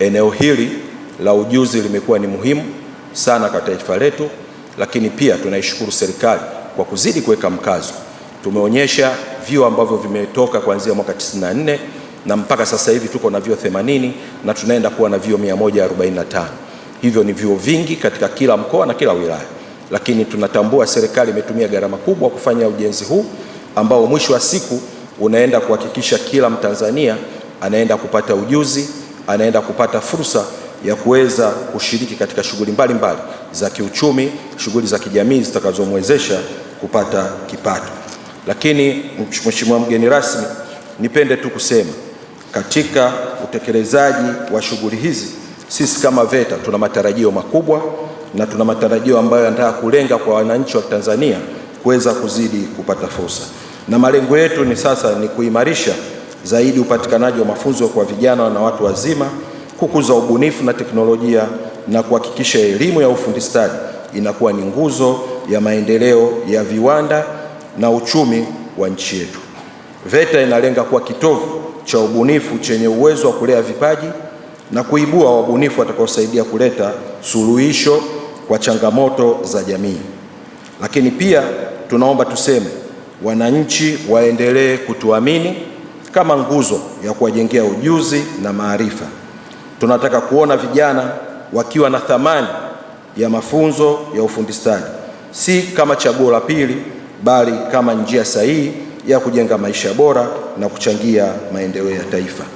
eneo hili la ujuzi limekuwa ni muhimu sana kwa taifa letu, lakini pia tunaishukuru serikali kwa kuzidi kuweka mkazo. Tumeonyesha vyuo ambavyo vimetoka kuanzia mwaka 94 na mpaka sasa hivi tuko na vyuo 80 na tunaenda kuwa na vyuo 145. Hivyo ni vyuo vingi katika kila mkoa na kila wilaya, lakini tunatambua serikali imetumia gharama kubwa kufanya ujenzi huu ambao mwisho wa siku unaenda kuhakikisha kila Mtanzania anaenda kupata ujuzi anaenda kupata fursa ya kuweza kushiriki katika shughuli mbalimbali za kiuchumi, shughuli za kijamii zitakazomwezesha kupata kipato. Lakini Mheshimiwa mgeni rasmi, nipende tu kusema katika utekelezaji wa shughuli hizi sisi kama VETA tuna matarajio makubwa na tuna matarajio ambayo yanataka kulenga kwa wananchi wa Tanzania kuweza kuzidi kupata fursa, na malengo yetu ni sasa ni kuimarisha zaidi upatikanaji wa mafunzo kwa vijana na watu wazima, kukuza ubunifu na teknolojia na kuhakikisha elimu ya ufundi stadi inakuwa ni nguzo ya maendeleo ya viwanda na uchumi wa nchi yetu. VETA inalenga kuwa kitovu cha ubunifu chenye uwezo wa kulea vipaji na kuibua wabunifu watakaosaidia kuleta suluhisho kwa changamoto za jamii. Lakini pia tunaomba tuseme, wananchi waendelee kutuamini kama nguzo ya kuwajengea ujuzi na maarifa. Tunataka kuona vijana wakiwa na thamani ya mafunzo ya ufundi stadi, si kama chaguo la pili, bali kama njia sahihi ya kujenga maisha bora na kuchangia maendeleo ya taifa.